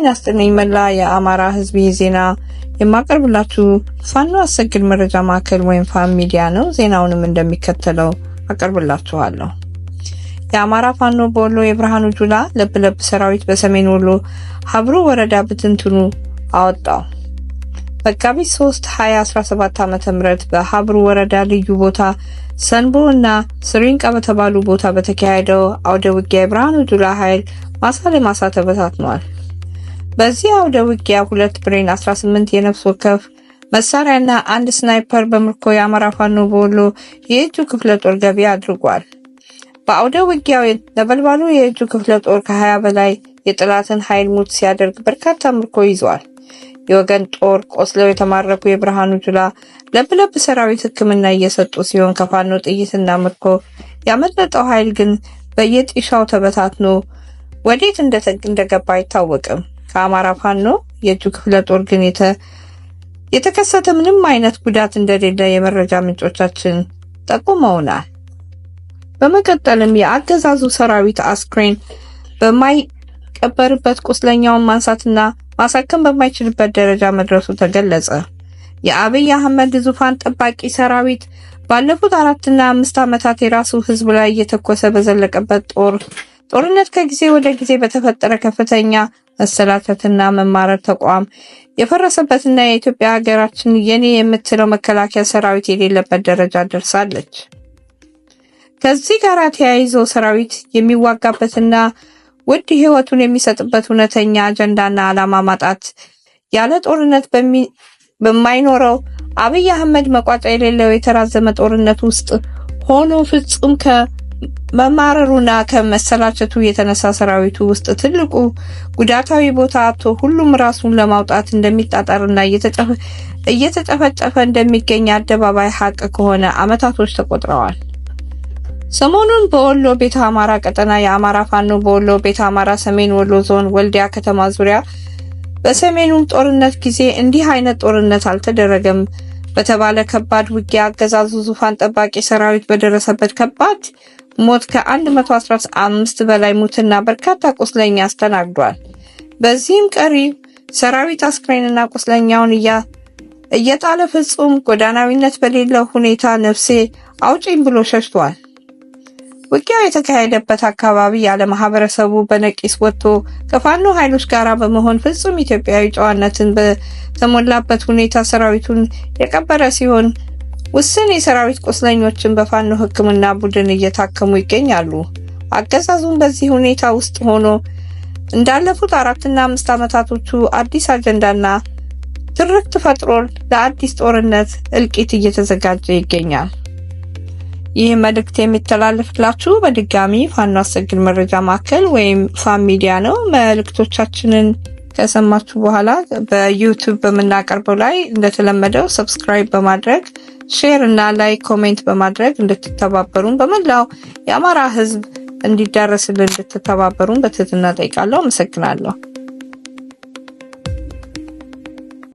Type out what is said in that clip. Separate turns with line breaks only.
ጤና ይስጥልኝ መላ የአማራ ህዝብ ዜና የማቀርብላችሁ ፋኖ አሰግድ መረጃ ማዕከል ወይም ፋን ሚዲያ ነው። ዜናውንም እንደሚከተለው አቀርብላችኋለሁ። የአማራ ፋኖ በወሎ የብርሃኑ ጁላ ለብለብ ሰራዊት በሰሜን ወሎ ሀብሩ ወረዳ ብትንትኑ አወጣው። መጋቢት 3 2017 ዓ.ም በሀብሩ ወረዳ ልዩ ቦታ ሰንቦ እና ስሪንቃ በተባሉ ቦታ በተካሄደው አውደ ውጊያ የብርሃኑ ጁላ ኃይል ማሳ ለማሳ ተበታትኗል። በዚህ አውደ ውጊያ ሁለት ብሬን 18 የነፍስ ወከፍ መሳሪያና አንድ ስናይፐር በምርኮ የአማራ ፋኖ በወሎ የእጁ ክፍለ ጦር ገቢ አድርጓል። በአውደ ውጊያው ነበልባሉ የእጁ ክፍለ ጦር ከ20 በላይ የጥላትን ኃይል ሙት ሲያደርግ በርካታ ምርኮ ይዟል። የወገን ጦር ቆስለው የተማረኩ የብርሃኑ ጁላ ለብለብ ሰራዊት ሕክምና እየሰጡ ሲሆን ከፋኖ ጥይትና ምርኮ ያመለጠው ኃይል ግን በየጢሻው ተበታትኖ ወዴት እንደገባ አይታወቅም። ከአማራ ፋኖ የእጁ ክፍለ ጦር ግን የተከሰተ ምንም አይነት ጉዳት እንደሌለ የመረጃ ምንጮቻችን ጠቁመውናል። በመቀጠልም የአገዛዙ ሰራዊት አስክሬን በማይቀበርበት ቁስለኛውን ማንሳትና ማሳከም በማይችልበት ደረጃ መድረሱ ተገለጸ። የአብይ አህመድ ዙፋን ጠባቂ ሰራዊት ባለፉት አራትና አምስት ዓመታት የራሱ ህዝብ ላይ እየተኮሰ በዘለቀበት ጦር ጦርነት ከጊዜ ወደ ጊዜ በተፈጠረ ከፍተኛ መሰላተትና መማረር ተቋም የፈረሰበትና የኢትዮጵያ ሀገራችን የኔ የምትለው መከላከያ ሰራዊት የሌለበት ደረጃ ደርሳለች። ከዚህ ጋር ተያይዞ ሰራዊት የሚዋጋበትና ውድ ህይወቱን የሚሰጥበት እውነተኛ አጀንዳና ዓላማ ማጣት ያለ ጦርነት በማይኖረው አብይ አህመድ መቋጫ የሌለው የተራዘመ ጦርነት ውስጥ ሆኖ ፍጹም መማረሩና ከመሰላቸቱ የተነሳ ሰራዊቱ ውስጥ ትልቁ ጉዳታዊ ቦታ አጥቶ ሁሉም ራሱን ለማውጣት እንደሚጣጣርና እየተጨፈጨፈ እንደሚገኝ አደባባይ ሀቅ ከሆነ አመታቶች ተቆጥረዋል። ሰሞኑን በወሎ ቤተ አማራ ቀጠና የአማራ ፋኖ በወሎ ቤተ አማራ ሰሜን ወሎ ዞን ወልዲያ ከተማ ዙሪያ በሰሜኑ ጦርነት ጊዜ እንዲህ አይነት ጦርነት አልተደረገም በተባለ ከባድ ውጊያ አገዛዙ ዙፋን ጠባቂ ሰራዊት በደረሰበት ከባድ ሞት ከ115 በላይ ሙትና በርካታ ቁስለኛ አስተናግዷል። በዚህም ቀሪ ሰራዊት አስክሬንና ቁስለኛውን እየጣለ ፍጹም ጎዳናዊነት በሌለው ሁኔታ ነፍሴ አውጪኝ ብሎ ሸሽቷል። ውጊያው የተካሄደበት አካባቢ ያለ ማህበረሰቡ በነቂስ ወጥቶ ከፋኖ ኃይሎች ጋር በመሆን ፍጹም ኢትዮጵያዊ ጨዋነትን በተሞላበት ሁኔታ ሰራዊቱን የቀበረ ሲሆን ውስን የሰራዊት ቁስለኞችን በፋኖ ሕክምና ቡድን እየታከሙ ይገኛሉ። አገዛዙን በዚህ ሁኔታ ውስጥ ሆኖ እንዳለፉት አራትና አምስት ዓመታቶቹ አዲስ አጀንዳና ትርክት ፈጥሮ ለአዲስ ጦርነት እልቂት እየተዘጋጀ ይገኛል። ይህ መልእክት የሚተላለፍላችሁ በድጋሚ ፋኖ አሰግድ መረጃ ማዕከል ወይም ፋን ሚዲያ ነው። መልእክቶቻችንን ከሰማችሁ በኋላ በዩቱብ በምናቀርበው ላይ እንደተለመደው ሰብስክራይብ በማድረግ ሼር እና ላይ ኮሜንት በማድረግ እንድትተባበሩን በመላው የአማራ ህዝብ እንዲዳረስልን እንድትተባበሩን በትህትና ጠይቃለሁ። አመሰግናለሁ።